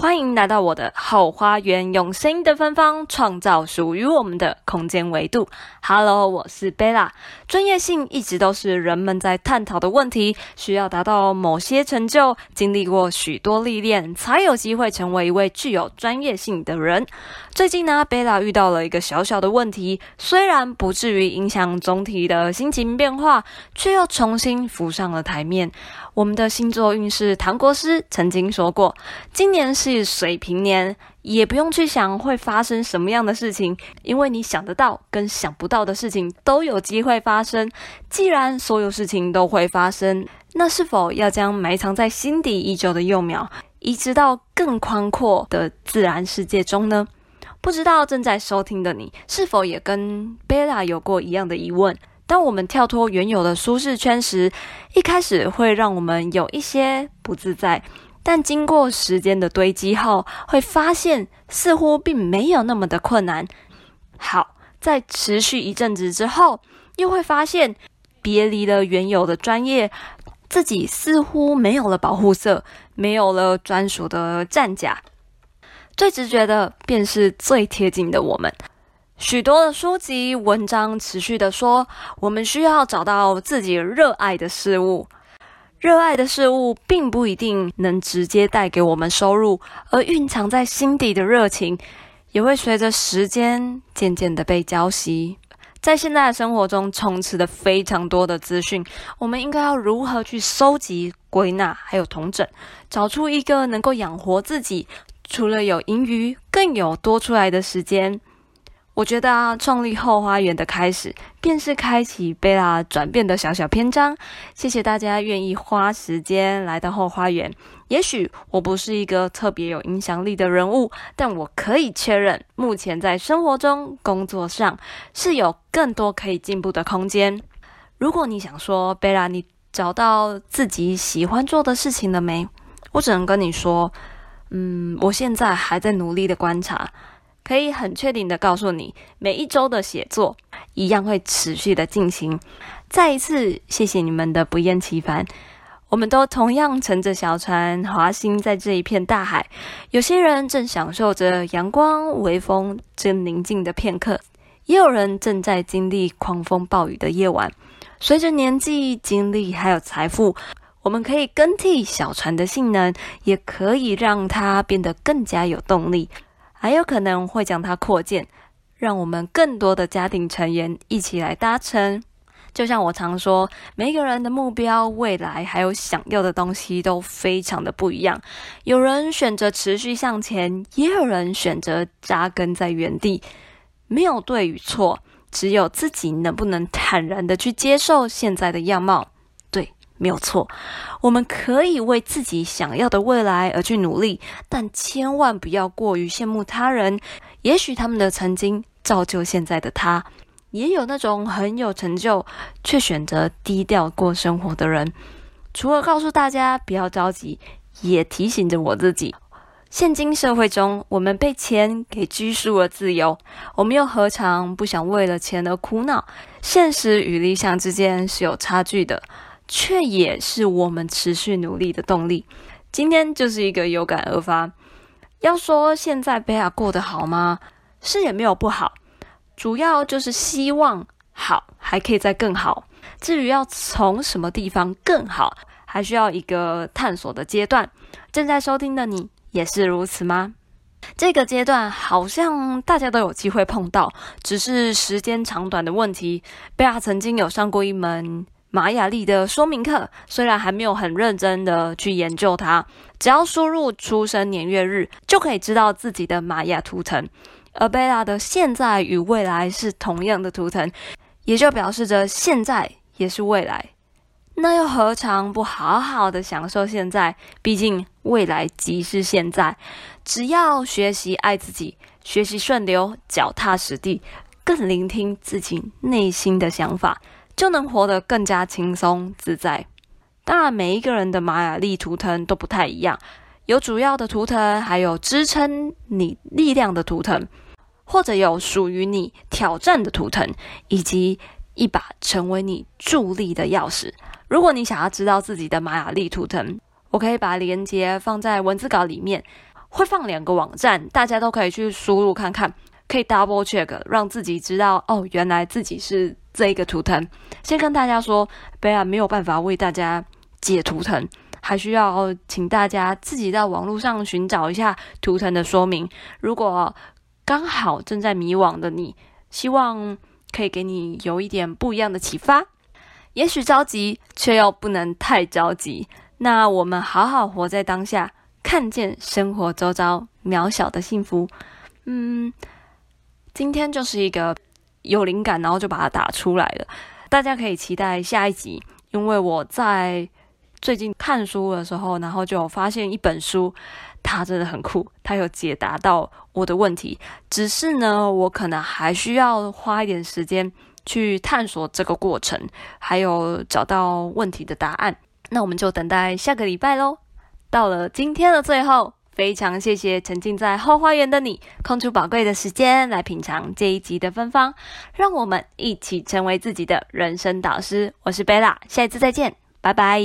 歡迎來到我的 Hoo 花園，用聲音的芬芳創造屬於我們的空間維度。Hello，我是 Bella。專業性一直都是人們在探討的問題，需要達到某些成就，經歷過許多歷練，才有機會成為一位具有專業性的人。最近呢，Bella 遇到了一個小小的問題，雖然不至於影響總體的心情變化，卻又重新浮上了台面。我們的星座運勢唐國師曾經說過，今年是水瓶年，也不用去想會發生什麼樣的事情，因為你想得到跟想不到的事情都有機會發生。既然所有事情都會發生，那是否要將埋藏在心底已久的幼苗移植到更寬闊的自然世界中呢？不知道正在收聽的你是否也跟貝拉有過一樣的疑問？當我們跳脫原有的舒適圈時，一開始會讓我們有一些不自在。但經過時間的堆積後，會發現似乎並沒有那麼的困難。好，在持續一陣子之後，又會發現別離了原有的專業，自己似乎沒有了保護色，沒有了專屬的戰甲。最直覺的，便是最貼近的我們。許多的書籍、文章持續的說，我們需要找到自己熱愛的事物。熱愛的事物並不一定能直接帶給我們收入，而蘊藏在心底的熱情也會隨着時間漸漸的被澆熄。在現在的生活中充斥的非常多的資訊，我們應該要如何去收集、歸納，還有統整，找出一個能夠養活自己，除了有盈餘，更有多出來的時間。我覺得啊，創立後花園的開始，便是開啟貝拉轉變的小小篇章。謝謝大家願意花時間來到後花園。也許我不是一個特別有影響力的人物，但我可以確認，目前在生活中、工作上是有更多可以進步的空間。如果你想說貝拉，你找到自己喜歡做的事情了沒？我只能跟你說，嗯，我現在還在努力的觀察。可以很確定的告訴你，每一周的寫作一樣會持續的進行。再一次，謝謝你們的不厭其煩。我們都同樣乘着小船划行在這一片大海。有些人正享受着陽光、微風正寧靜的片刻，也有人正在經歷狂風暴雨的夜晚。隨着年紀、經歷還有財富，我們可以更替小船的性能，也可以讓它變得更加有動力。還有可能會將它擴建，讓我們更多的家庭成員一起來搭乘。就像我常說，每個人的目標、未來還有想要的東西都非常的不一樣。有人選擇持續向前，也有人選擇紮根在原地。沒有對與錯，只有自己能不能坦然地去接受現在的樣貌。沒有錯，我們可以為自己想要的未來而去努力，但千萬不要過於羨慕他人。也許他們的曾經造就現在的他，也有那種很有成就卻選擇低調過生活的人。除了告訴大家不要着急，也提醒着我自己：現今社會中，我們被錢給拘束了自由。我們又何嘗不想為了錢而苦惱？現實與理想之間是有差距的。卻也是我們持續努力的動力。今天就是一個有感而發。要說現在 Bella 過得好嗎？是也沒有不好，主要就是希望好，還可以再更好。至於要從什麼地方更好，還需要一個探索的階段。正在收聽的你也是如此嗎？這個階段好像大家都有機會碰到，只是時間長短的問題。Bella 曾經有上過一門。瑪雅曆的說明課，雖然還沒有很認真的去研究它，只要輸入出生年月日，就可以知道自己的瑪雅圖騰。而貝拉的現在與未來是同樣的圖騰，也就表示着現在也是未來。那又何嘗不好好的享受現在？畢竟未來即是現在。只要學習愛自己，學習順流，腳踏實地，更聆聽自己內心的想法。就能活得更加輕鬆自在。當然，每一個人的瑪雅力圖騰都不太一樣，有主要的圖騰，還有支撐你力量的圖騰，或者有屬於你挑戰的圖騰，以及一把成為你助力的鑰匙。如果你想要知道自己的瑪雅力圖騰，我可以把連結放在文字稿裡面，會放兩個網站，大家都可以去輸入看看，可以 double check，讓自己知道，哦，原來自己是，這一個圖騰，先跟大家說，Bella 沒有辦法為大家解圖騰，還需要請大家自己在網絡上尋找一下圖騰的說明。如果剛好正在迷惘的你，希望可以給你有一點不一樣的啟發。也許着急，卻又不能太着急。那我們好好活在當下，看見生活周遭渺小的幸福。嗯，今天就是一個。有靈感，然後就把它打出來了。大家可以期待下一集，因為我在最近看書的時候，然後就發現一本書，它真的很酷，它有解答到我的問題。只是呢，我可能還需要花一點時間去探索這個過程，還有找到問題的答案。那我們就等待下個禮拜嘍。到了今天的最後。非常謝謝沉浸在 Hoo 花園的你，空出寶貴的時間來品嚐這一集的芬芳，讓我們一起成為自己的人生導師。我是 Bella，下一次再見，拜拜。